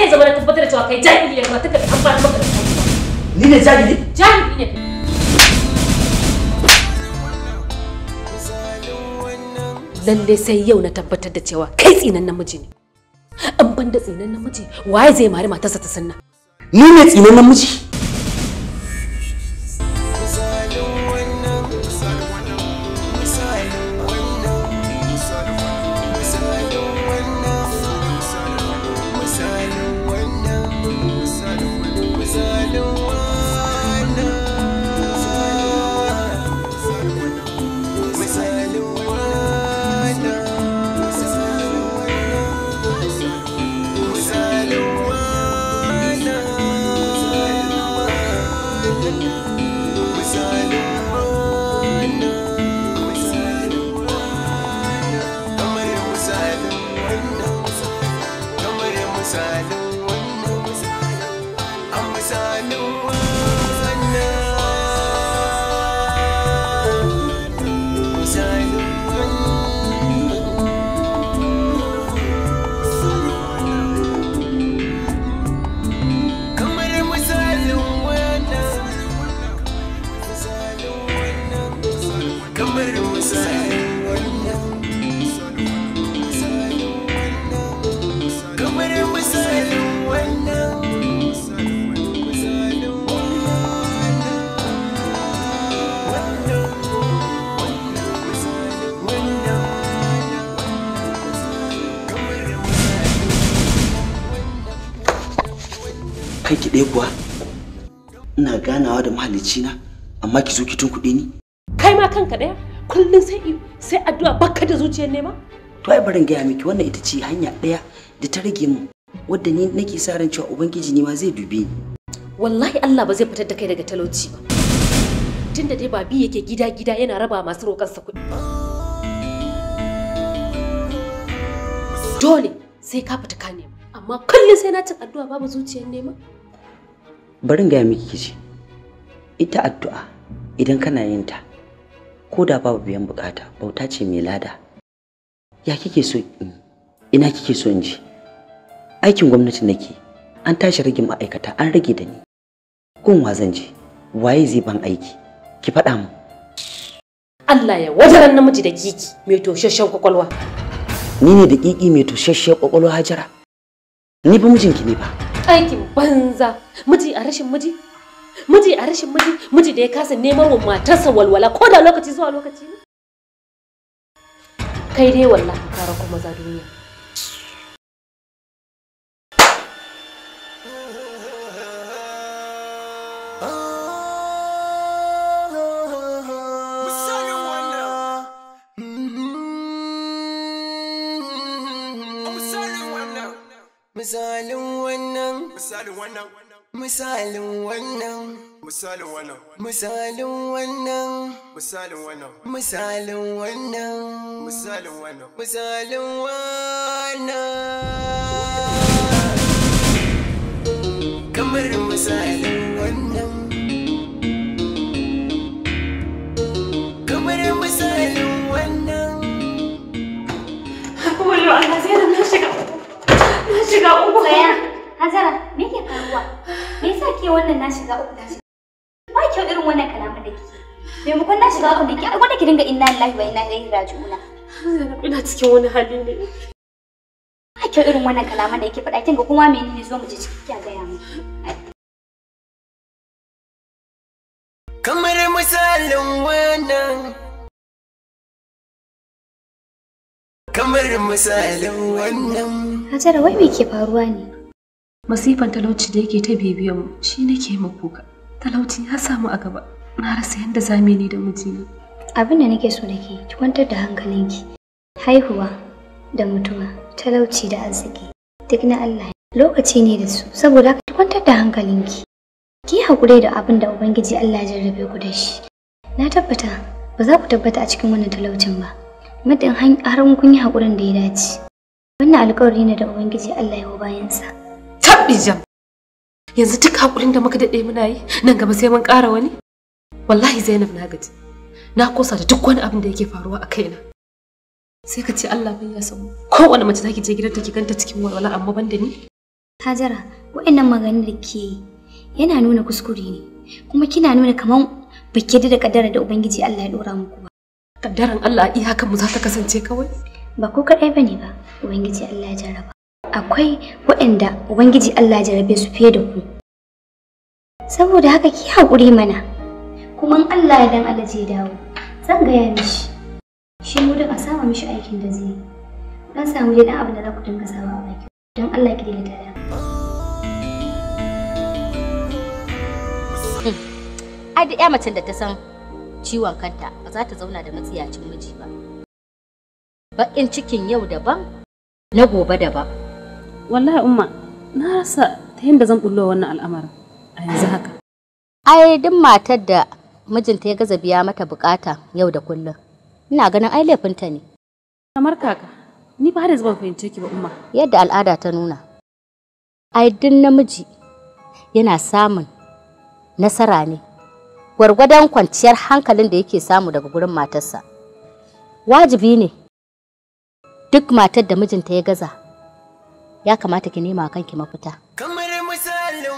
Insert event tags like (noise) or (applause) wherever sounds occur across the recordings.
sai zama na tabbatar an maka lalle sai yau na tabbatar da cewa kai tsinan namiji ne an banda tsinan namiji waye zai mari matarsa ta sanna ni ne tsinan namiji ki ɗaya kuwa ina ganawa da mahalicina amma ki zo ki tunkuɗe ni kai ma kanka ɗaya kullum sai sai addu'a bakka da zuciyar nema to ai barin gaya miki wannan ita ce hanya ɗaya da ta rage mu wadda ni nake sa ran cewa ubangiji ni ma zai dube ni wallahi Allah ba zai fitar da kai daga talauci ba tunda dai babi yake gida gida yana raba masu sa kuɗi dole sai ka fita ka nema amma kullum sai na cin addu'a babu zuciyar nema barin gaya miki kici ita addu'a idan kana yin ta ko da babu biyan bukata bauta ce mai lada ya kike so ina kike so in ji aikin gwamnati nake an tashi rage ma'aikata an rage da ni Kun wa zan je waye zai ban aiki ki faɗa mu Allah ya wajaran namiji da kiki mai toshashen kwakwalwa ni ne da kiki mai toshashen kwakwalwa hajara ni ba mijinki ne ba aikin banza miji a rashin miji miji a rashin miji miji da ya kasa neman wa matarsa walwala ko da lokaci zuwa lokaci ne kai dai wallahi kara kuma za duniya misalin wannan misalin wannan misalin wannan misalin wannan misalin wannan misalin wannan shiga uku. Tsaya, Hazara, me ke faruwa? Me yasa ke wannan na shiga uku ta shiga? Ba kyau irin wannan kalamar da kike. Maimakon na shiga uku da ke, wanda ki dinga inna lillahi wa inna ilaihi raji'una. ina cikin wani hali ne. Ba kyau irin wannan kalamar da kike faɗa kin ga kuma menene zo mu je ciki kiya ga ya mu. Kamar misalin wannan kamar misalin wannan Hajara wai me ke faruwa ne masifan talauci da yake ta bibiyan mu shi nake makuka talauci ya samu a gaba na rasa yadda za ni da mijina abin da nake so nake, kwantar da hankalinki haihuwa da mutuwa talauci da arziki duk na Allah lokaci ne da su saboda ki kwantar da hankalinki ki hakuri da abin da ubangiji Allah ya jarrabe ku da shi na tabbata ba za ku tabbata a cikin wannan talaucin ba madan harin kun yi hakuran da ya dace wannan alƙawari ne da ubangiji Allah ya bayansa jam yanzu duk hakurin da muka daɗe muna yi nan gaba sai mun ƙara wani wallahi zainab na gaji na kosa da duk wani abin da yake faruwa a kaina sai ka ce Allah bai ya samu wani mace zaki je gidanta ki ganta cikin walwala amma ban da ni Hajara wa'annan maganar da ke yana nuna kuskure ne kuma kina nuna kaman baki da kadara da ubangiji Allah ya dora muku ba Kaddaran Allah iya mu za ta kasance kawai. Ba ko kaɗai ba ne ba, Ubangiji Allah ya jaraba. Akwai waɗanda Ubangiji Allah ya jarabe su fiye da ku. Saboda haka ki haƙuri mana, kuma in Allah ya dan Allah ya dawo, zan gaya mishi. Shi mu da a sama mishi aikin da zai yi. Dan samu dai dan abin da za ku dinga sawa a baki. Don Allah ki daidaita da. Ai da ƴa macen da ta san ciwon kanta ba za ta zauna da matsiyacin miji ba baƙin cikin yau daban na gobe daban wallahi umma na rasa ta yadda zan bullo wannan al'amarin a yanzu haka ai duk matar da mijinta ya gaza biya mata bukata yau da kullum ina ganin ai laifinta ne kamar kaka ni ba da zuba fahimce ki ba umma yadda al'ada ta nuna ai duk namiji yana samun nasara ne gwargwadon kwanciyar hankalin da yake samu daga gurin matarsa wajibi ne duk matar da mijinta ya gaza ya kamata ki nema kanki mafita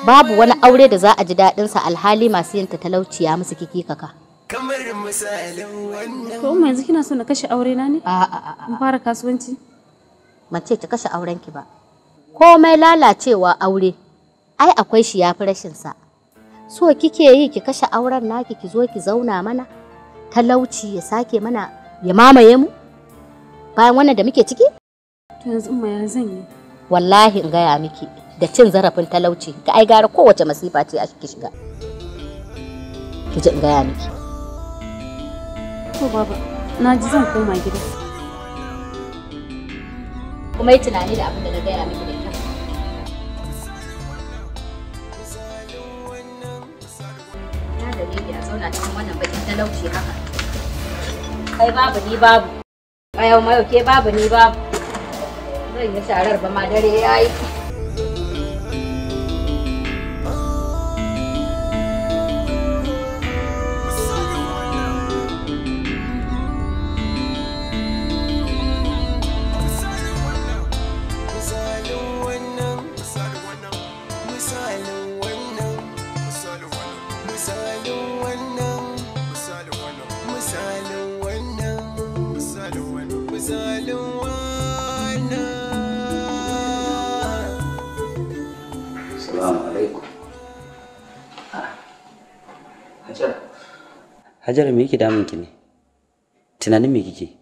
babu wani aure da za a ji daɗinsa alhali masu yin talauciya musu kiki kaka kamar misalin wannan to umma yanzu kina so na kashe aure na ne a a a in fara kasuwanci mace ki kashe aurenki ba komai lalacewa aure ai akwai shi yafi rashin sa so kike yi ki kashe auren naki ki zo ki zauna mana talauci ya sake mana ya mamaye mu bayan wannan da muke ciki to yanzu ma ya zan yi wallahi in gaya miki da cin zarafin talauci ga ai gara kowace masifa ce a kike shiga ki ji in gaya miki to baba na ji zan koma gida kuma yi tunani da abin da na gaya miki da dalili zauna cikin wannan bakin talauci haka kai babu ni babu a mayau ke babu ni babu zan yi sharar ba ma dare ya yi Hajara me yake damun ki ne? Tunanin me kike?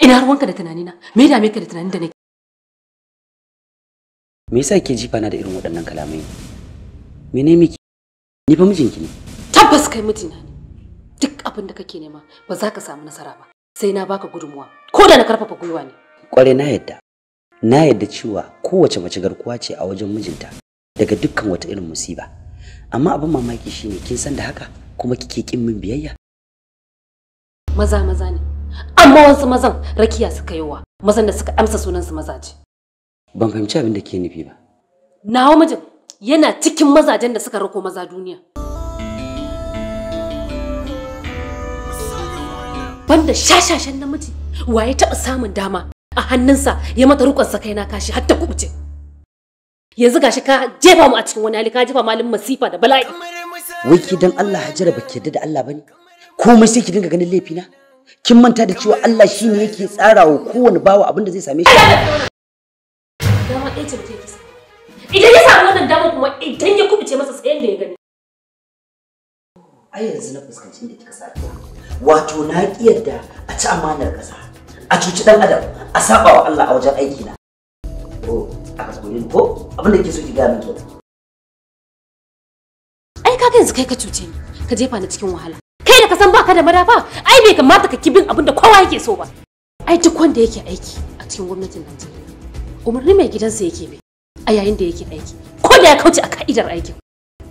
Ina ruwanka da tunanina. Me ya dame ka da tunanin da nake? Me yasa kike jifa na da irin waɗannan kalamai? Mene miki? Ni fa mijinki ne. Tabbas kai mijina ne. Duk abin da kake nema ba za ka samu nasara ba. Sai na baka gudunmuwa. Ko da na karfafa gwiwa ne. Kware na yadda. Na yadda cewa kowace mace garkuwa ce a wajen mijinta daga dukkan wata irin musiba. Amma abin mamaki shine kin san da haka kuma kike kin min biyayya. maza maza ne amma wasu mazan rakiya suka yi wa mazan da suka amsa sunansu mazaje ban fahimci abin da ke nufi ba nawa mijin yana cikin mazajen da suka rako maza duniya banda shashashen namiji wa ya taɓa samun dama a hannunsa ya mata rukon sa kaina kashi har ta kubuce yanzu gashi ka jefa mu a cikin wani hali ka jefa malin masifa da bala'i wai ki dan Allah hajara baki yadda da Allah bane komai sai ki dinga ganin laifina kin manta da cewa Allah shi ne yake tsara wa kowane bawa abin da zai same shi ce idan ya samu wannan dama kuma idan ya kubuce masa tsayen da ya gani ai yanzu na fuskanci inda kika sa wato na kiyarda a ci amanar ƙasa a cuci ɗan adam a saba wa Allah a wajen aiki na ko a tsoro ko abin da kike so ki ga min kenan ai ga yanzu kai ka cuce ni ka jefa ni cikin wahala ka san baka da madafa ai bai kamata ka kibin abin da kowa yake so ba ai duk wanda yake aiki a cikin gwamnatin Najeriya umarni mai gidansa yake bi a yayin da yake aiki ko da ya kauce a ka'idar aikin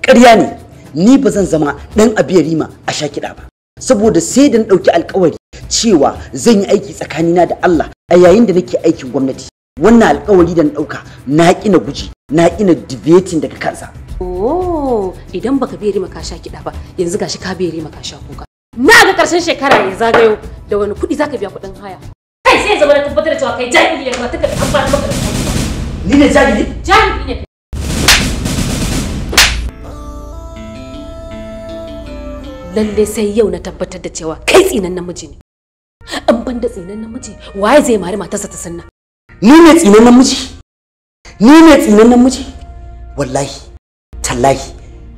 ƙarya ne ni ba zan zama dan rima a sha kiɗa ba saboda sai da na ɗauki alkawari cewa zan yi aiki tsakanina da Allah a yayin da nake aikin gwamnati wannan alkawari da na ɗauka na ƙina guji na ƙina debating daga kansa. Oh, idan baka rima ka sha kiɗa ba yanzu gashi ka rima ka sha kuka na ga karshen shekara ya zagayo da wani kuɗi zaka biya kuɗin haya kai sai zama na tabbatar da cewa kai jahili ne kuma tuka an fara maka da ni ne jahili jahili ne lalle sai yau na tabbatar da cewa kai tsinan namiji ne an ban da tsinan namiji waye zai mari matarsa ta sanna ni ne tsinan namiji ni ne tsinan namiji wallahi tallahi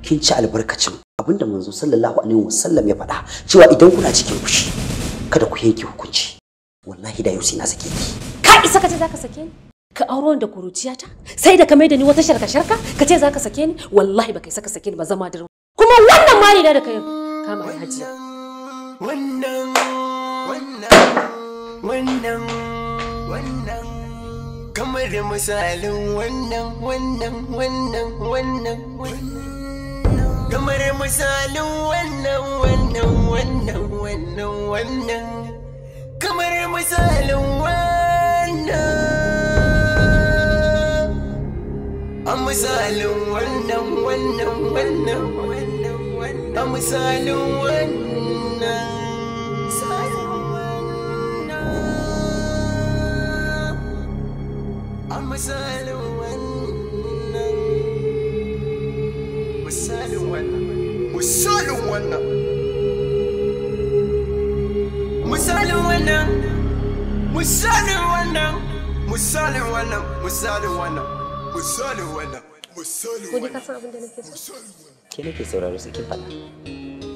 kin ci albarkacin abinda manzo sallallahu alaihi wasallam ya faɗa cewa idan kuna cikin fushi kada ku yanke hukunci wallahi da yusi na sake ki ka isa ka ce zaka sake ni ka auro da kuruciyata sai da ka mai da ni wata sharka sharka ka ce zaka sake ni wallahi baka isa ka sake ni ba zama da kuma wannan mali da kai kama ya haji wannan wannan wannan wannan kamar misalin wannan wannan wannan wannan wannan kamar misalin wannan wannan wannan wannan wannan kamar misalin wannan a misalin wannan wannan wannan a misalin wannan a wannan misalin wannan misalin wannan misalin wannan misalin wannan misalin wannan misalin wannan misalin wannan ka san abin da nake so ke nake sauraro sai ki faɗa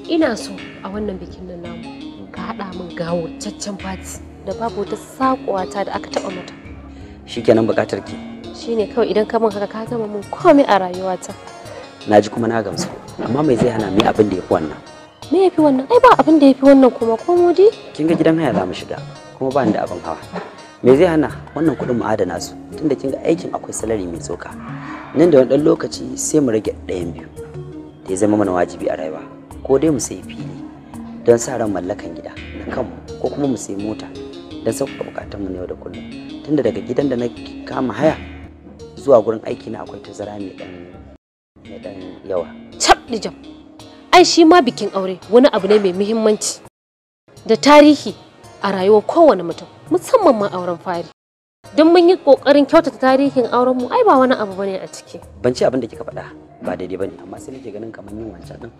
ina so a wannan bikin nan namu ka haɗa min gawurtaccen fati da babu wata saƙowata da aka taɓa mata Shi shikenan buƙatar ki shine kawai idan ka min haka ka zama min komai a rayuwata na ji kuma na gamsu amma mai zai hana mu abin da ya fi wannan me ya fi wannan ai ba abin da ya fi wannan kuma ko modi kin ga gidan haya za mu shiga kuma ba ni da abin hawa me zai hana wannan kuɗin mu adana su tunda kin ga aikin akwai salari mai tsoka nan da wani ɗan lokaci sai mu rage ɗayan biyu da ya zama mana wajibi a rayuwa ko dai mu sayi fili don sa ran mallakan gida na kanmu ko kuma mu sayi mota don sauƙaƙa mu na yau da kullum tunda daga gidan da na kama haya zuwa gurin aiki na akwai tazara mai ɗan ya dan yawa jam ai shi ma bikin aure wani abu ne mai muhimmanci da tarihi a rayuwar kowane mutum musamman ma auren fari don mun yi kokarin kyautata tarihin auren mu ai ba wani abu bane a ciki ban ci abin da kika faɗa ba daidai bane amma sai nake ganin kamar yin wancan din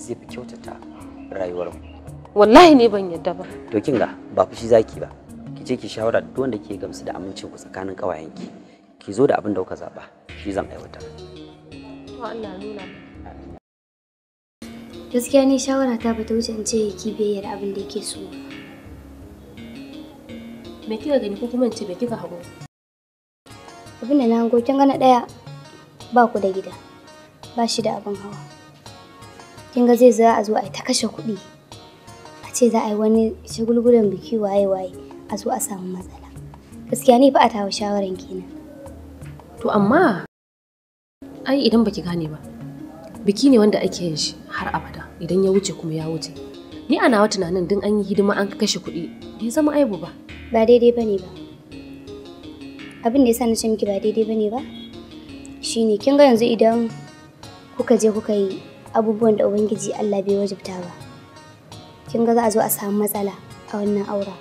zai fi kyautata rayuwar mu wallahi ne ban yadda ba to kin ga ba fushi zaki ba ki je ki shawara duk wanda ke gamsu da amincin ku tsakanin kawayenki ki zo da abin da kuka zaba shi zan aiwatar kuma Allah nuna gaskiya ni shawara ta bata wuce in ce ya kibiyayyar abin da yake so me kika gani ko kuma in ce me kika hago abin da na hango kin gana daya ba ku da gida ba shi da abin hawa kin ga zai za a zo a yi ta kashe kuɗi a ce za a yi wani shagulgulan biki waye waye a zo a samu matsala gaskiya ni fa a tawo shawaran kenan to amma Ai idan baki gane ba, biki ne wanda ake yin shi har abada idan ya wuce kuma ya wuce. Ni a nawa tunanin din an yi hidima an kashe kuɗi bai zama aibu ba. Ba daidai bane ba. Abin da yasa na ce miki ba daidai bane ba Shi ne kin ga yanzu idan kuka je kuka yi abubuwan da Ubangiji Allah bai wajibta ba. Kin ga za a zo a samu matsala a wannan aura.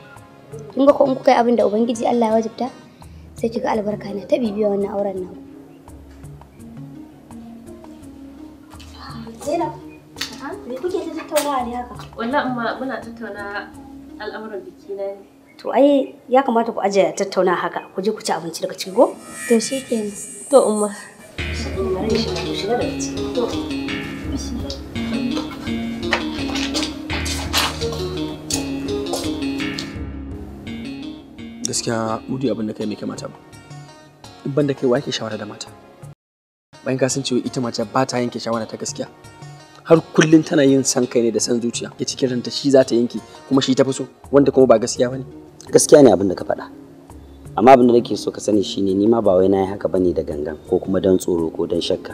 Kin ga ko in kuka yi abin da Ubangiji Allah ya wajibta sai kiga albarka na ta bibiya wannan auren nan. Zainab, ya kamata ku aje tattauna haka, ku je ku ci abinci daga cikin go? To shikenan. To umma. Gaskiya mudu abin da kai mai kamata ba. Ban da kai wa yake shawara da mata. Bayan ka san cewa ita mace ba ta yanke shawara ta gaskiya. har kullum tana yin san kai ne da san zuciya ya cikin ranta shi za ta yanke kuma shi ta fi so wanda kuma ba gaskiya bane gaskiya ne abin da ka faɗa amma abin da nake so ka sani shine ni ma ba wai na haka bane da gangan ko kuma don tsoro ko don shakka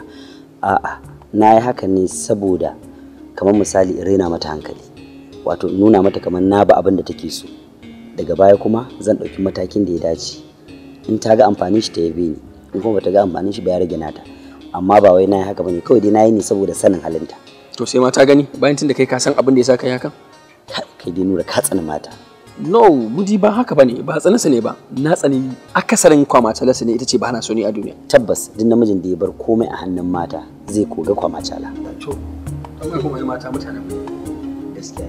a'a nayi haka ne saboda kamar misali rena mata hankali wato nuna mata kamar na ba abin da take so daga baya kuma zan ɗauki matakin da ya dace in ta ga amfanin shi ta yabe ni in kuma ta ga amfanin shi ba ya rage nata amma ba wai na yi haka bane kawai dai na yi ne saboda sanin halinta To sai mata gani bayan tun da kai ka san abin da ya saka yakan. Kai dai nura ka tsani mata. No, muji ba haka bane, ba tsanansa ne ba. Na tsani akasarin lasa ne ita ce ba na so ni a duniya. Tabbas duk namijin da ya bar komai a hannun mata zai koga la. To, mai komai mata mutanen mu. Gaskiya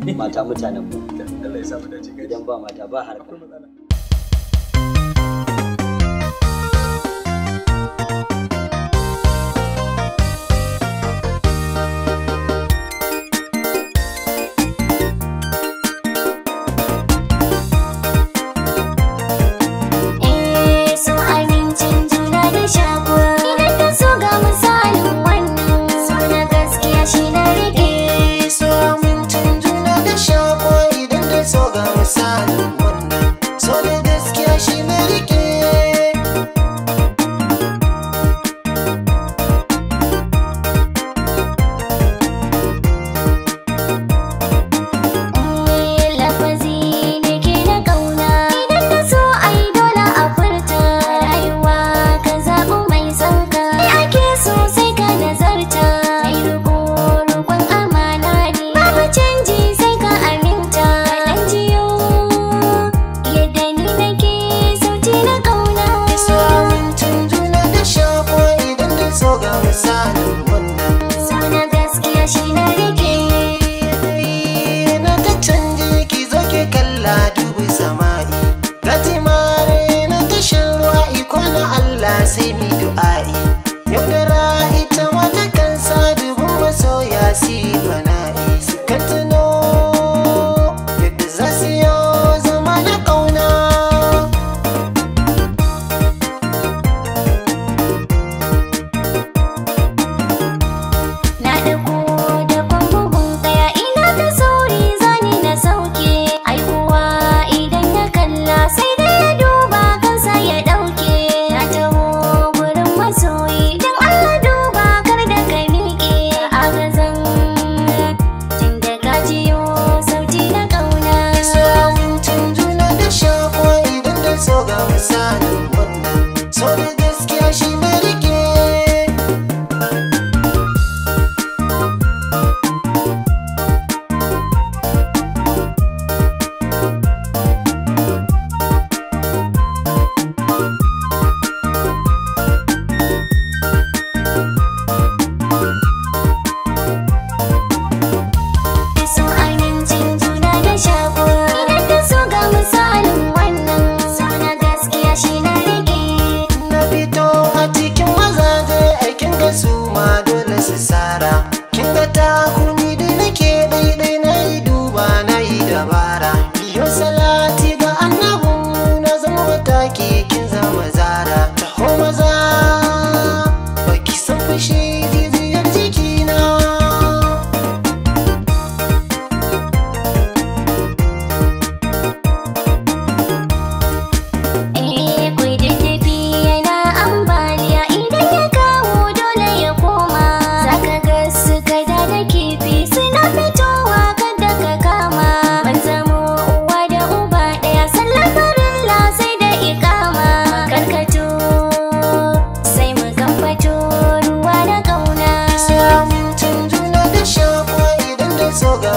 ne. Mata mutanen mu. (laughs) Allah ya sa mu dace. Idan ba mata ba harka.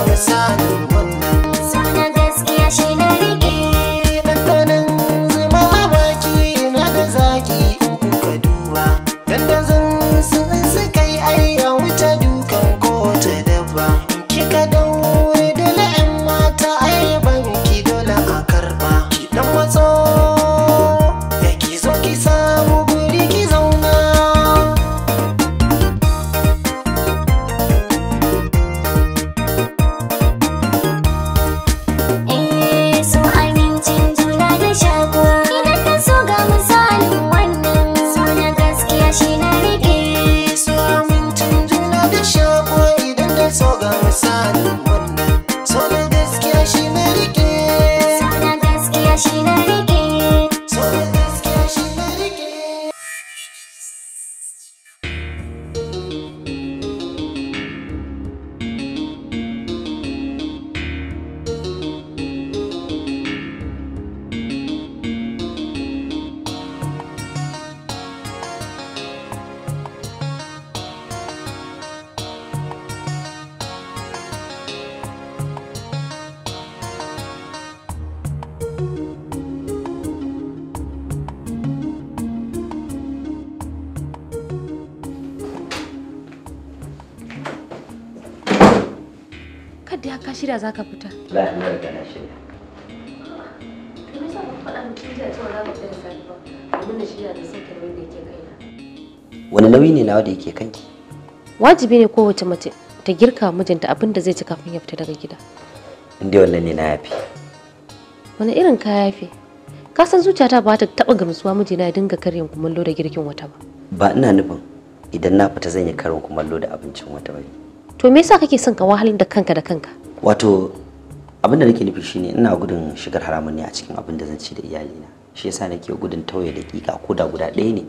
the on za ka fita? da na shirya Wani nauyi ne nawa da yake kanki? Wajibi ne kowace mace ta girka mijinta abin da zai ci kafin ya fita daga gida. Inda wannan ne na yafi. Wani irin kaya yafi? Ka san zuciyata ba ta taɓa gamsuwa mijina ya dinga karyan kumallo da girkin wata ba. Ba ina nufin idan na fita zan yi karin kumallo da abincin wata ba. To me yasa kake son ka wahalar da kanka da kanka? wato abin da nake nufi shine ina gudun shigar haramun ne a cikin abin da zan ci da iyalina shi yasa nake gudun tauye da kika ko da guda ɗaya ne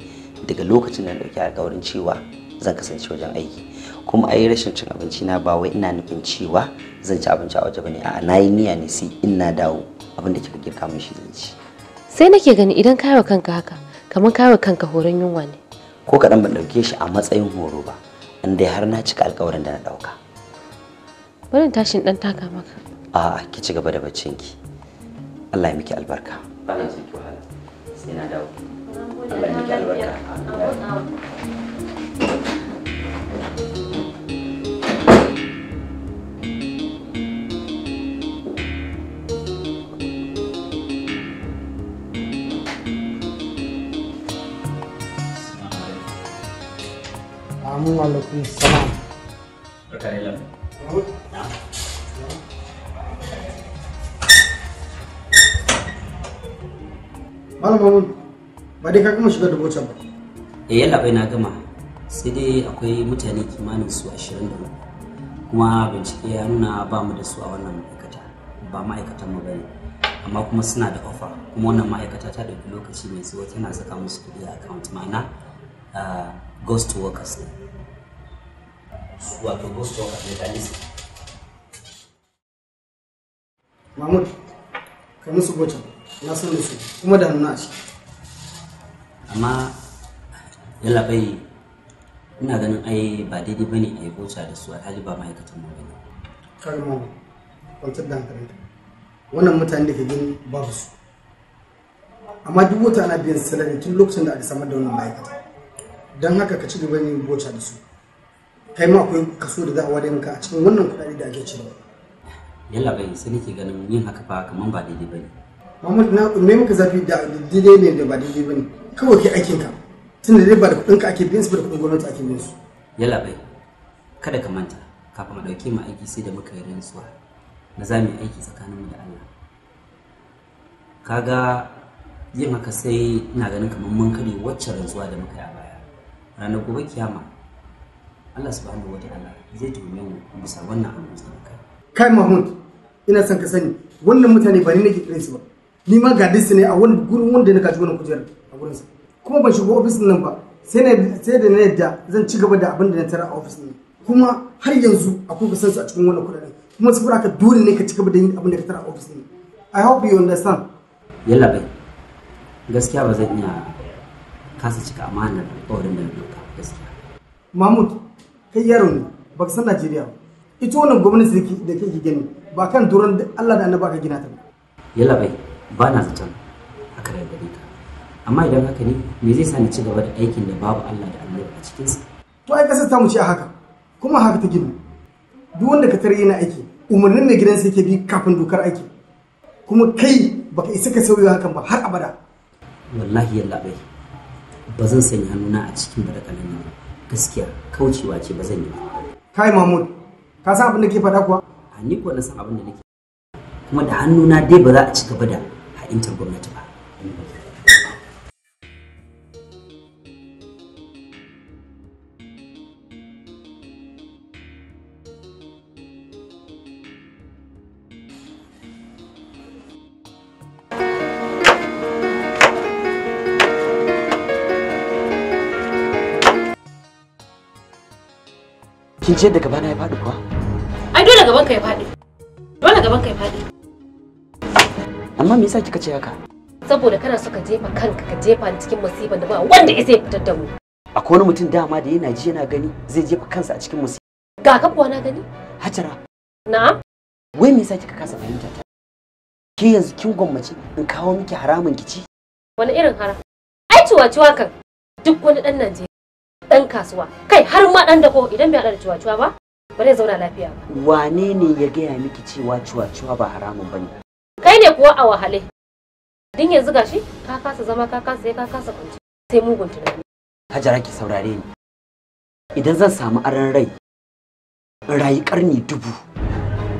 daga lokacin da na ɗauki alƙawarin cewa zan kasance wajen aiki kuma ai rashin cin abinci na ba wai ina nufin cewa zan ci abinci a waje bane a'a nayi niyya ne sai in na dawo abin da kika girka min shi zan ci sai nake gani idan kawo kanka haka kamar kawo kanka horon yunwa ne ko kaɗan ban ɗauke shi a matsayin horo ba in dai har na cika alƙawarin da na ɗauka Bari tashin dan taka maka. A'a, ki ci gaba da baccin ki Allah ya miki albarka. Allah ya saki wahala. Sai na dawo. Allah ya miki albarka. Assalamu alaikum. Assalamu alaikum. Malam Mamun, ba dai ka gama shigar da mota ba. Eh yalla bai na gama. Sai dai akwai mutane kimanin su 23. Kuma bincike ya nuna ba mu da su a wannan ma'aikata. Ba ma'aikatan mu bane. Amma kuma suna da ofa. Kuma wannan ma'aikata ta ɗauki lokaci mai tsawo tana saka musu kuɗi a account ma'ana ghost workers ne. Wato ghost workers ne ta nisa. Mahmud, ka musu gocan. na san da su kuma da nuna a ciki amma yalla bai ina ganin ai ba daidai ba ne a yi boca da su alhali ba ma'aikatan mu bane kalma kwantar da hankalinka wannan mutane da ke gani ba su amma duk wata ana biyan salari tun lokacin da aka samar da wannan ma'aikata don haka ka ci gaba yin boca da su kai ma akwai kaso da za a ware maka a cikin wannan kuɗaɗe da ake cirewa yalla bai sai nake ganin yin haka fa kamar ba daidai ba ne. Mahmud na me muka zafi da daidai ne da ba daidai bane kawai kai aikin ka tunda dai ba da kuɗin ka ake biyan su ba da kuɗin gwamnati ake biyan su yalla bai kada ka manta kafin mu dauke mu aiki sai da muka yi rantsuwa na za mu aiki tsakanin mu da Allah kaga yin haka sai ina ganin kamar mun kare wacce rantsuwa da muka yi a baya ranar gobe kiyama Allah subhanahu wa ta'ala zai tuhume mu bisa wannan abin da kai kai Mahmud ina son ka sani wannan mutane ba ni nake kiransu ba ni ma ga ne a wani gurin wanda na kaci wannan kujerar a gurinsa kuma ban shigo ofis nan ba sai da na yadda zan ci gaba da abin da na tara a ofis nan kuma har yanzu akwai kusan su a cikin wannan kudaden kuma su ka dole ne ka ci gaba da yin abin da ka tara a ofis nan i hope you understand yalla bai gaskiya ba zan iya kasa cika amanar alƙawarin da na ka gaskiya mahmud kai yaro ne ka san najeriya ba ita wannan gwamnati da ke gani ba kan duran Allah da annaba ka gina ta ba yalla bai ba na zaton a daga gare ka amma idan haka ne me zai sa ni ci gaba da aikin da babu Allah da Allah a cikinsa to ai kasar ta mu a haka kuma haka ta gina duk wanda ka tare yana aiki umarnin mai sai yake bi kafin dokar aiki kuma kai baka isa ka sauya hakan ba har abada wallahi yalla bai ba zan sanya hannuna a cikin barakalan nan gaskiya kaucewa ce ba zan yi ba kai mahmud ka san abin da ke faɗa kuwa a ni kuwa na san abin da nake kuma da hannuna dai ba za a ci gaba da ha'intar gwamnati ba Kin ce daga bana ya faɗi kuwa? Ai dole gaban ka ya faɗi. Dole gaban ka ya faɗi. amma me yasa kika ce haka saboda kana so ka jefa kanka ka jefa ni cikin musibar da ba wanda ya zai fitar da mu akwai wani mutum dama da yana ji yana gani zai jefa kansa a cikin musibar ga ka kuwa na gani hajara na wai me yasa kika kasa fahimta ta ke yanzu kin gwammace in kawo miki haramun kici wani irin haram ai ciwa-ciwa kan duk wani dan Najeriya dan kasuwa kai har ma dan dako idan bai hada da ciwa-ciwa ba ba zai zauna lafiya ba wane ne ya gaya miki cewa ciwa-ciwa ba haramun bane kai ne kuwa a wahale din yanzu gashi ka kasa zama ka kasa ka kasa kunci sai mugun tunani hajara ki saurare ni idan zan samu aran rai rayu karni dubu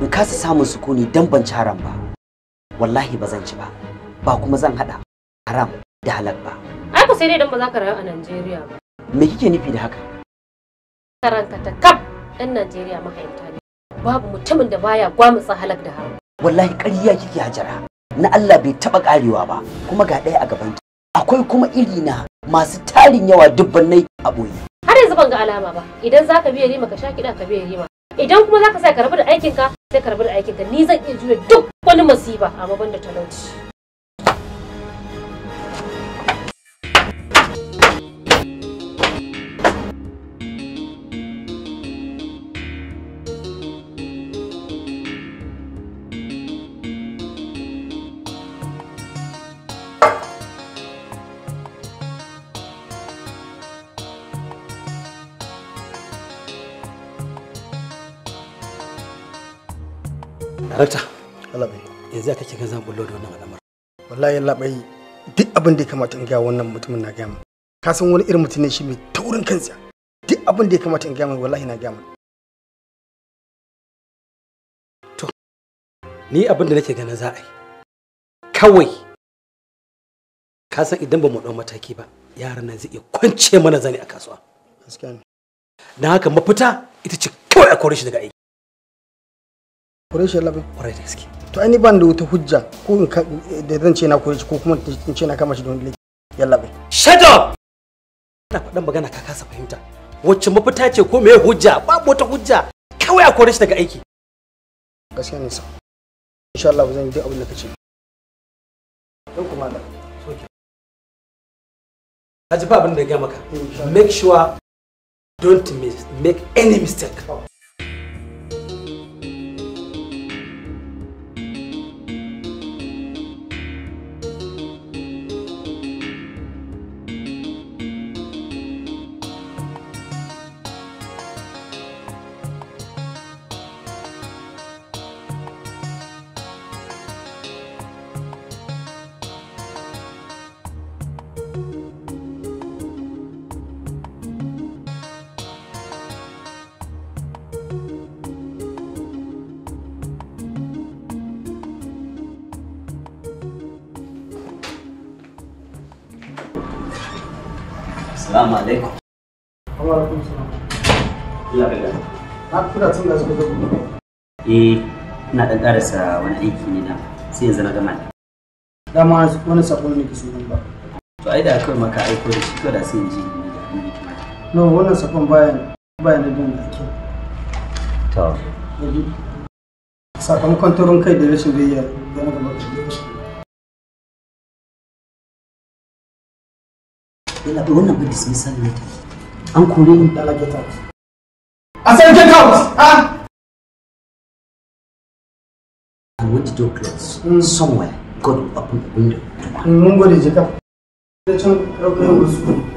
in kasa samun sukuni dan ban charan ba wallahi ba zan ci ba ba kuma zan hada haram da halal ba ai ku sai dai dan ba za ka rayu a Najeriya ba me kike nufi da haka karanka ta kaf ɗan Najeriya mahaifta ne babu mutumin da baya gwamutsa halak da haram wallahi ƙarya kike hajara na Allah bai taɓa karewa ba kuma ga ɗaya a gaban ki. akwai kuma iri na masu tarin yawa dubbannai a ɓoye har yanzu ban ga alama ba idan zaka biya rima ka sha kiɗa ka biya rima idan kuma zaka sa ka rabu da aikinka sai ka rabu da aikinka ni zan iya jure duk wani masifa amma banda da talauci Darakta. bai. Yanzu kake kika zan bullo da wannan al'amar. Wallahi bai duk abin da ya kamata in ga wannan mutumin na gaya Ka san wani irin mutum ne shi mai taurin kansa. Duk abin da ya kamata in gama wallahi na gaya To, ni abin da nake ganin za a yi. Kawai ka san idan ba mu ɗau mataki ba yaran nan zai iya kwance mana zani a kasuwa. Gaskiya ne. haka mafita ita ce kawai a kore shi daga aiki. kore shi labai kwarai da gaske to ai ni ban da wata hujja ko in da zan ce na kore ko kuma in ce na kama shi don laifi yalla bai shut up kana faɗan magana ka kasa fahimta wacce mafita ce ko meye hujja babu wata hujja kawai a kore shi daga aiki gaskiya ne sa insha Allah zan yi duk abin da kace dan kuma da Haji ba abin da ya maka make sure don't miss, make any mistake oh. Assalamu alaikum. Wa Na kira tun da da kuma. Eh, ina dan karasa wani aiki ne na sai yanzu na gama. Dama wani sakon ne ke so ba. To ai da akwai maka aiko da shi da sai in ni da ni kuma. No, wannan sakon bayan bayan da din Sakamakon taurin kai da rashin biyayya ga na gaba da yana da wannan bin dismissal ne an kore ni dala get a san get out ha I went to door close mm. somewhere God opened the window hmm, mun gode jika da can ɗaukar wasu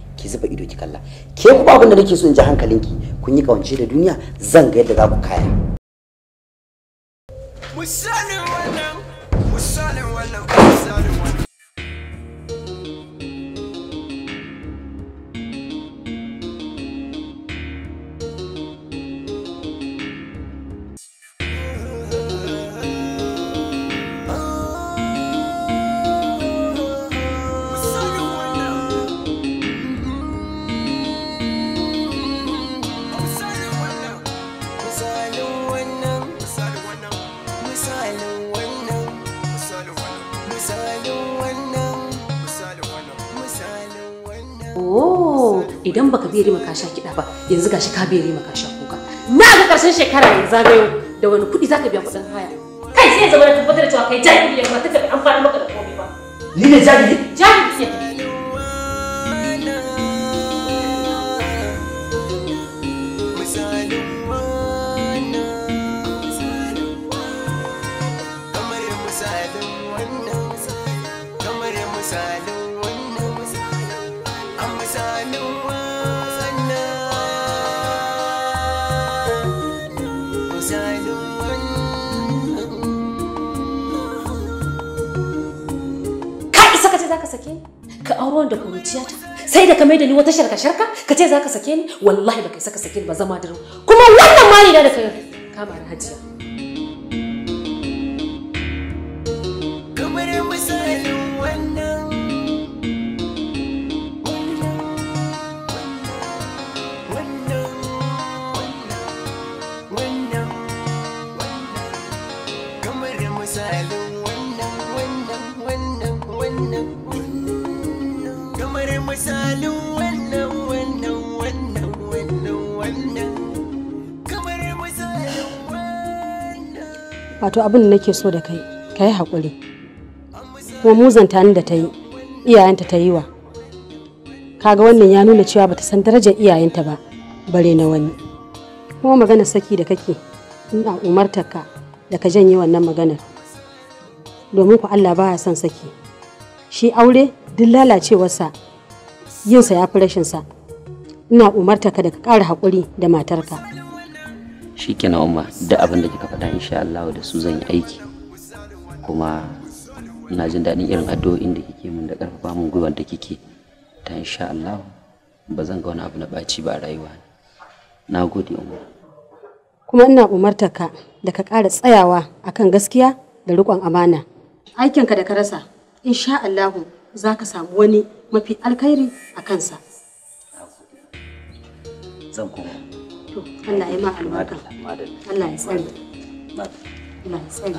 ki zuba ido ki kalla ke ku ba da nake so in ji hankalinki kun yi kawance da duniya zan ga yadda za ku kaya musanin idan baka biya rima ka sha kiɗa ba yanzu gashi ka biya rima ka sha kuka na ga karshen shekara ya zagayo da wani kuɗi zaka biya kuɗin haya kai sai ya zama na tabbatar da cewa kai jahili ne ba ta tafi amfani maka da komai ba ni ne jahili jahili ne auren da ta sai da ka mai da ni wata sharka sharka ka ce za ka sake ni wallahi ba kai saka sake ni ba zama da dare kuma wannan mali na da kai kama na hajiya wato abin da nake so da kai ka yi haƙuri kuma muzanta ni da ta yi iyayenta ta yi wa kaga wannan ya nuna cewa bata san darajar iyayenta ba bare na wani kuma maganar saki da kake ina umartar ka da ka janye wannan magana domin ku Allah baya son saki shi aure duk lalacewarsa yinsa ya fi rashinsa ina umartar ka da ka ƙara haƙuri da matarka ke umma da abin da kika faɗa insha Allah da su zan yi aiki kuma ina jin daɗin irin addu'o'in da kike min da ƙarfafa min gwiwar da kike ta insha Allah ba zan ga wani abu na ɓaci ba a rayuwa na gode umma kuma ina umartarka da ka ƙara tsayawa akan gaskiya da riƙon amana aikinka da ka rasa insha Allah za ka samu wani mafi alkhairi a kansa zan koma To, Allah ya ma albarka. Allah ya sani. Allah ya sani.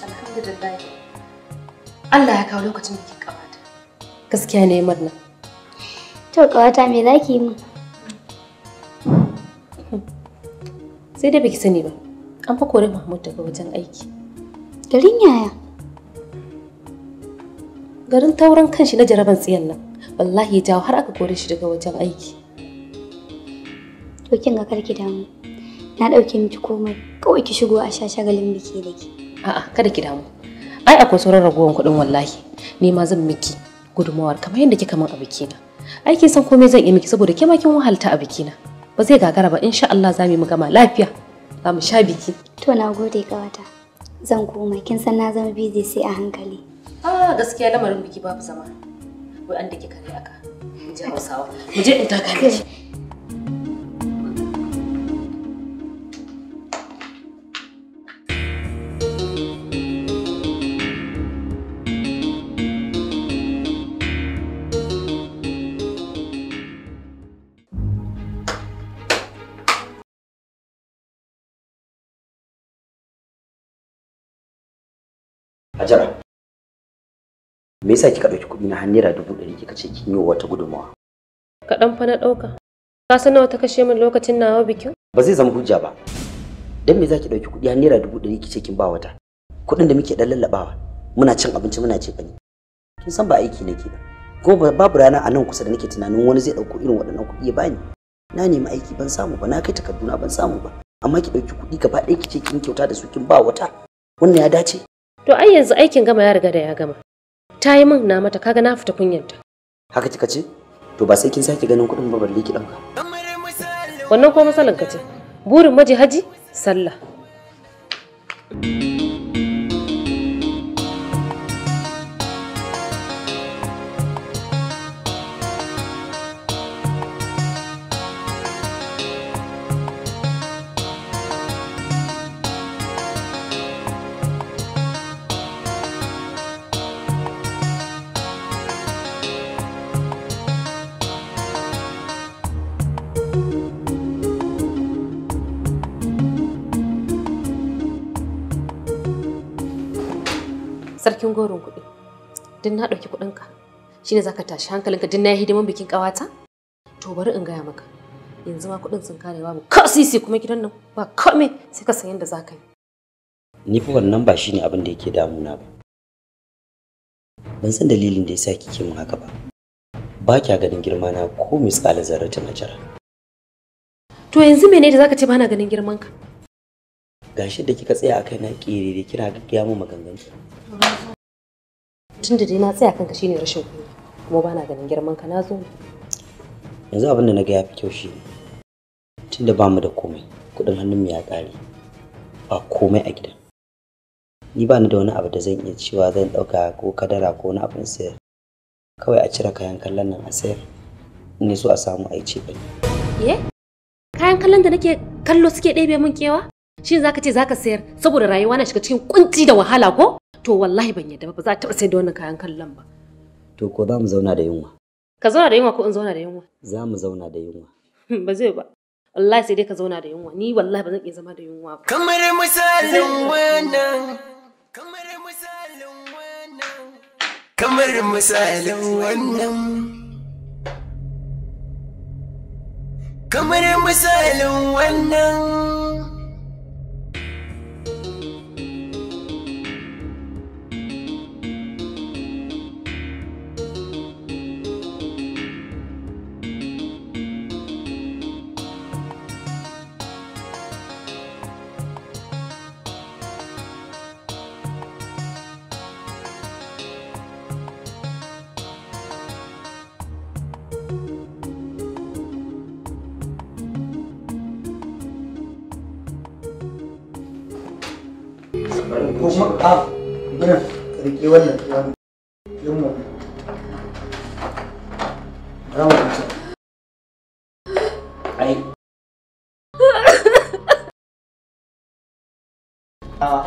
Alhamdulillah. Allah ya kawo lokacin bikin kawata. Gaskiya ne murna. To kawata me zaki yi min? Sai dai biki sani ba. An fa kore Mahmud daga wajen aiki. Garin yaya? garin tauran kanshi na jaraban tsiyan nan wallahi ya jawo har aka kore shi daga wajen aiki to kin ga karki damu na dauke miki komai kawai ki shigo a shagalin biki da ki a'a kada ki damu ai akwai sauran ragowar kuɗin wallahi ni ma zan miki gudumawar kamar yadda kika min a bikina ai kin san komai zan yi miki saboda ke ma kin wahalta a bikina ba zai gagara ba insha Allah za mu gama lafiya za mu sha biki to na gode kawata zan koma kin san na zama busy sai a hankali Ah gaskiya lamarin biki babu zama. Wai an da ke kare aka. In ji Hausawa. Mu je in taka miki. Hajara. me yasa kika ɗauki kuɗi na har naira dubu ɗari kika ce kin yi wata gudunmawa dan fa na ɗauka ka san nawa ta kashe min lokacin nawa bikin ba zai zama hujja ba dan me zaki ɗauki kuɗi har naira dubu ɗari ce kin ba wata kuɗin da muke dan lallabawa muna cin abinci muna ce bane kin san ba aiki nake ba kuma babu rana a nan kusa da nake tunanin wani zai ɗauko irin waɗannan kuɗi ya bani na nemi aiki ban samu ba na kai takarduna ban samu ba amma ki ɗauki kuɗi gaba ɗaya ki kin kyauta da su kin ba wata wannan ya dace to ai yanzu aikin gama ya riga da ya gama ta yi min na mata kaga na fita kunyanta haka kika ce to ba sai kin sake ganin kuɗin ba balle ki ɗauka wannan ko masalan ka ce burin maji haji sallah kallon gorin kuɗi don na ɗauki kuɗinka shine zaka tashi hankalinka don na yi hidiman bikin ƙawata to bari in gaya maka yanzu ma kuɗin sun kare babu ka kuma gidan nan ba kame sai ka san yadda zaka yi ni fa wannan ba shine abin da yake damuna ba ban san dalilin da yasa kike min haka ba ba kya ganin girma na ko misali zarratin a jira to yanzu mene da zaka ce ba na ganin girman ka gashi da kika tsaya a kaina kirere kina ga gaya mu maganganki tun da dai na tsaya kanka shine rashin kunya kuma bana ganin girman ka na yanzu abin da na ga yafi kyau shi tun da bamu da komai kudin hannun mu ya kare ba komai a gidan ni bani da wani abu da zan iya cewa zan dauka ko kadara ko wani abin sayar kawai a cire kayan kallon nan a sayar ne so a samu a yi ce ye kayan kallon da nake kallo suke ɗebe min kewa shin zaka ce zaka sayar saboda rayuwa na shiga cikin kunci da wahala ko to wallahi ban yadda ba za a taɓa sai da wannan kayan kallon ba to ko za mu zauna da yunwa ka zauna da yunwa ko in zauna da yunwa za mu zauna da yunwa (laughs) ba zai ba wallahi sai dai ka zauna da yunwa ni wallahi ba zan iya zama da yunwa ba kamar misalin wannan kamar misalin wannan kamar misalin wannan kamar misalin wannan ko kuma a ina rike wannan yawon yin mu rama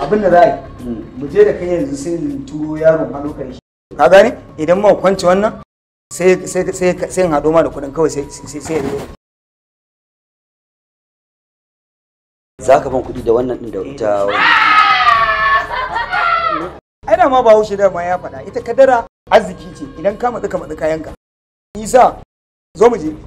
abin da za a yi mu je da kai yanzu sai turo yaron hannu kan shi ka gane idan ma kwanci wannan sai in haɗo ma da kuɗin kawai sai ya zo za ka ban kuɗi da wannan ɗin da ta wani eh. ana ma ba haushe ma ya faɗa ita kadara arziki ce idan ka matsi ka matsi ka. isa zo mu je (laughs)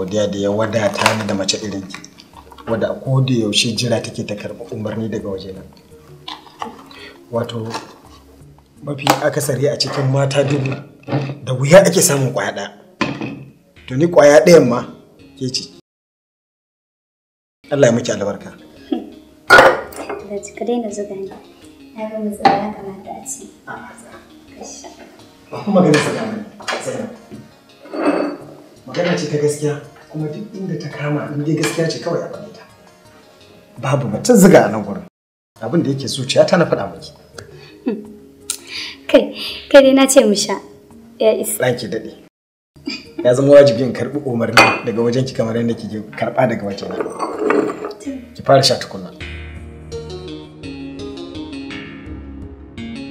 godiya da ya wadata ni da mace irin ki wadda a koda yaushe jira take ta karɓi umarni daga wajena wato mafi akasari a cikin mata dubu da wuya ake samun kwaya ɗaya to ni kwaya ɗayan ma ke ci Allah ya miki albarka da daina zuga ni na kamata a magana ce ta gaskiya kuma duk inda ta kama in dai gaskiya ce kawai a babu mutum ziga a nan gurin abin da yake zuciya ta na faɗa miki kai kai dai na ce mu ya isa daɗe ya zama wajibi in karɓi umarni daga wajen ki kamar yadda kike karɓa daga wajen ki fara sha tukunna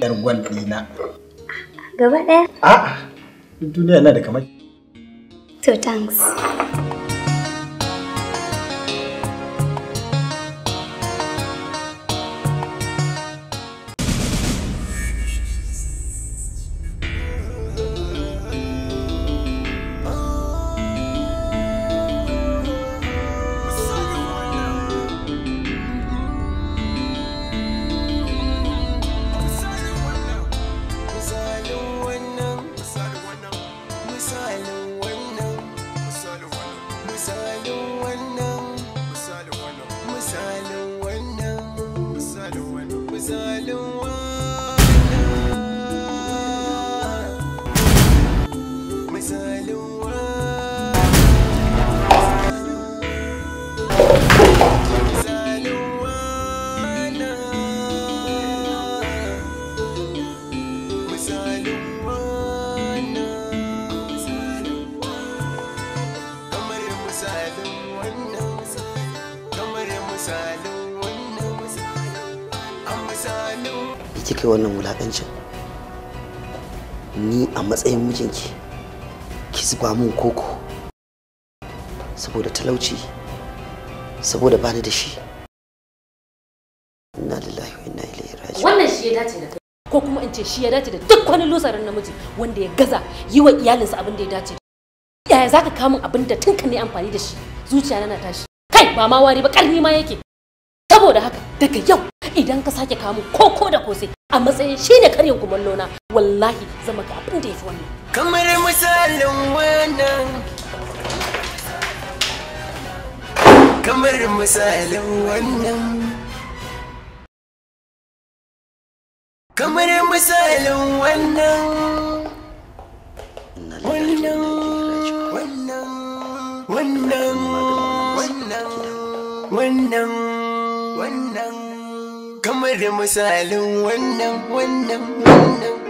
yar gwal ɗina gaba ɗaya a'a duniya na da kamar So thanks. kai wannan wulakancin ni a matsayin mijinki ki zuba min koko saboda talauci saboda bani da shi inna lillahi wa inna ilaihi raji'un wannan shi ya dace da kai ko kuma in ce shi ya dace da duk wani lusarin namiji wanda ya gaza yi wa iyalinsa abin da ya dace da yaya ka kamun abin da tunka ne amfani da shi zuciya na tashi kai ba ma wari ba karni ma yake saboda haka daga yau idan ka sake kamu koko da kose a matsayin shine karyan kumallo na wallahi zama ga abin da fi wannan kamar misalin wannan kamar misalin wannan kamar misalin wannan wannan wannan wannan wannan kamar misalin wannan wannan wannan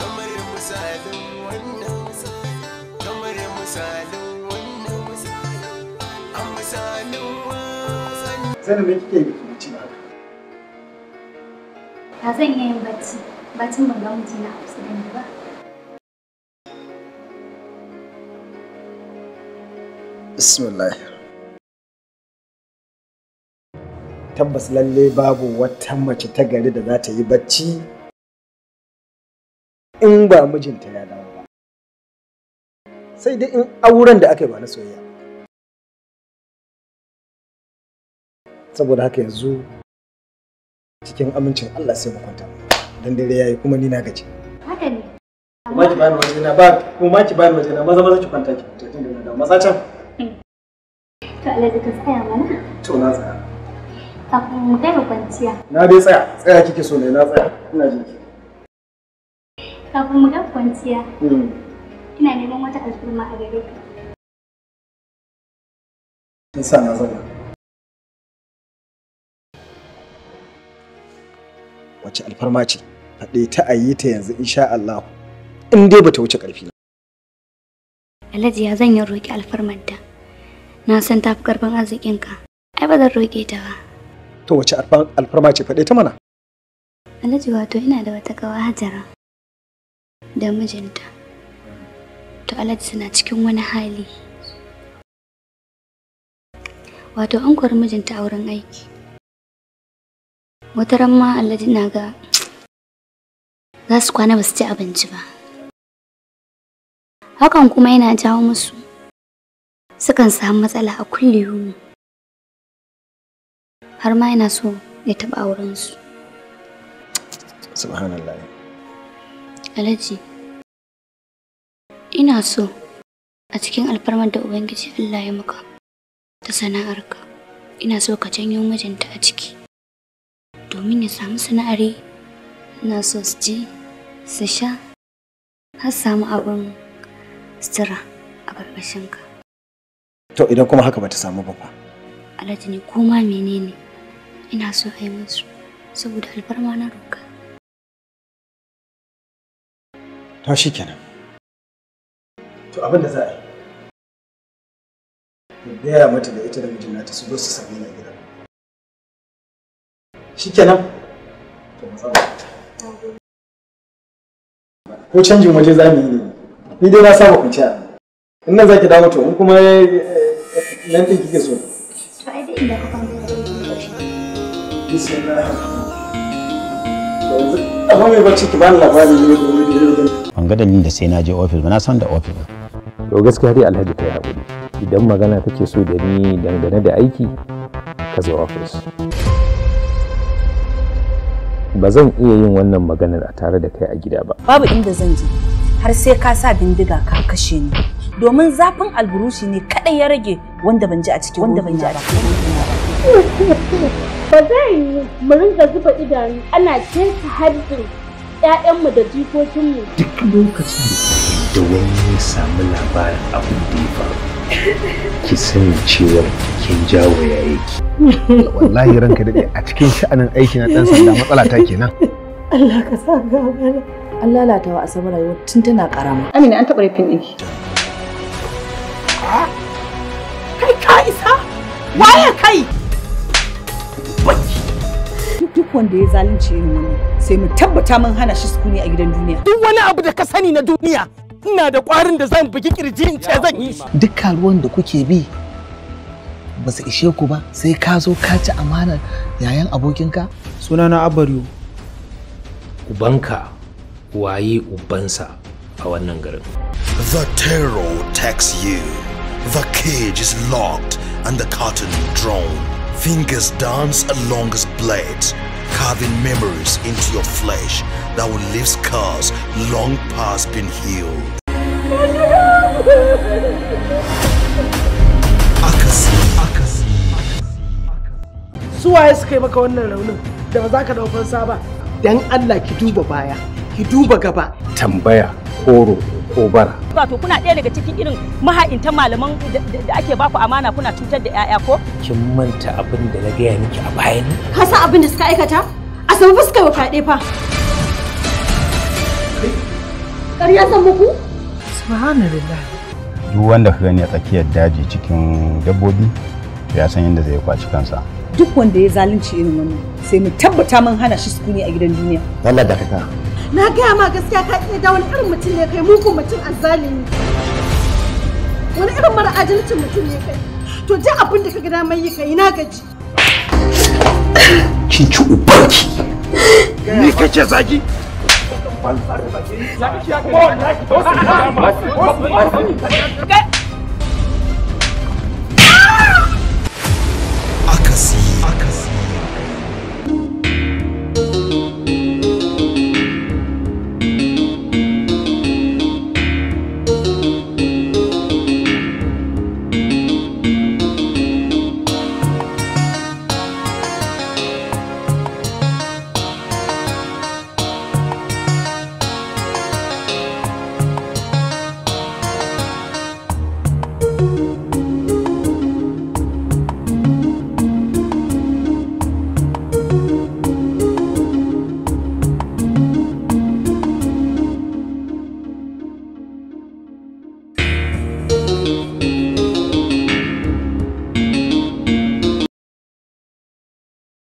kamar misalin wannan me kike yi mutuna? ta zan yi yin bacci bacin ban ga mutuna a kusa da ba bismillah tabbas lalle babu wata mace ta gari da za ta yi bacci in ba mijinta ya dawo ba sai dai in auren da aka yi ba na soyayya saboda haka yanzu cikin amincin Allah sai mu kwanta dan dare yayi kuma ni na gaji haka ne kuma bani waje ba kuma ki bani waje maza maza ki kwanta ki tafi da maza can to Allah ka tsaya mana to na tsaya kafin mu kai kwanciya. Na dai tsaya, tsaya kike so ne, na tsaya, ina jin ki. Kafin mu kai kwanciya, hmm. ina neman wata alfurma a gare ka. Kin sa na zauna. Wace alfarma ce? Faɗe ta a yi ta yanzu insha Allah. In dai bata wuce ƙarfi. Alhaji ya zan yi roƙi alfarmar da. Na san tafi ƙarfin arzikinka. Ai ba zan roƙe ta ba. to wace alfarma ce faɗe ta mana alhaji wato ina da wata kawa hajara da mijinta to alhaji suna cikin wani hali wato an kwar mijinta a wurin aiki wata ran ma alhaji na ga za su kwana ba su ci abinci ba hakan kuma yana jawo musu sukan samu matsala a kulle har ma yana so ya taɓa aurensu. Subhanallah. Alhaji, ina so a cikin alfarmar da Ubangiji Allah ya maka ta sana'arka, ina so ka janyo mijinta a ciki. Domin ya samu sana'ari, ina so su je su sha har samu abin sutura a ƙarƙashinka. To idan kuma haka bata samu ba fa. Alhaji ne koma menene? ina so a yi musu saboda alfarma na roka. To shi kenan. To abin da za a yi. Gaya mata da ita da mijin nata su zo su sami na gida. Shi kenan. To mu Ko canjin waje za mu yi ne. Ni dai na saba kwanciya. In nan za ki dawo to in kuma eh, eh, nan ɗin kike so. To ai dai inda ka kwanta. Amma mai bacci bani labari ne da Ban ga dalilin da sai na je ofis ba na san da ofis. ba. To gaskiya dai Alhaji kai haƙuri. Idan magana kake so da ni dangane da aiki ka zo ofis. Ba zan iya yin wannan maganar a tare da kai a gida ba. Babu inda zan je har sai ka sa bindiga ka kashe ni. Domin zafin alburushi ne kaɗai ya rage wanda ban ji a ciki wanda ban ji a ciki. ba yi mu rinka zuba idanu ana keta haddin ƴaƴanmu da jikokinmu duk lokacin da wani ya samu labarin abin da ya faru ki sani cewa kin jawo yayi ki wallahi ranka dade a cikin sha'anin aiki na dan sanda matsala ta kenan Allah ka sa gaba an lalata wa asabar rayuwa tun tana karama amina an taɓa rufin ɗin. Ah! kai ka isa waye kai duk wanda ya zalunce ni wani sai mu tabbata mun hana shi sukuni a gidan duniya duk wani abu da ka sani na duniya ina da ƙwarin da zan bugi kirji in ce zan yi duk karuwan da kuke bi ba su ishe ku ba sai ka zo ka ci amanar yayan abokinka sunana abaryo ubanka waye ubansa a wannan garin the terror attacks you the cage is locked and the curtain drawn fingers dance along his blades carving memories into your flesh that will leave scars long past being healed. Akasi. Suwaye suka yi maka wannan raunin da ba za ka ɗaukar sa ba. dan Allah ki duba baya ki duba gaba tambaya koro ko bara wato kuna ɗaya daga cikin irin maha'intan malaman da ake baku amana kuna cutar da 'ya'ya ko kin manta abin da na gaya miki a baya ne ka san abin da suka aikata a san fuskar ba faɗe fa ƙarya san muku subhanallah duk wanda ka gani a tsakiyar daji cikin dabbobi to ya san yadda zai kwaci kansa duk wanda ya zalunci irin wannan sai mu tabbata mun hana shi sukuni a gidan duniya Allah da kaka na gaya ma gaskiya ka iya da wani irin mutum ne kai mugun mutum azzalimi wani irin mara adalcin mutum ne kai to je abin da ka gida mai yi kai na gaji kin ci ubanki ni kace zaki Kai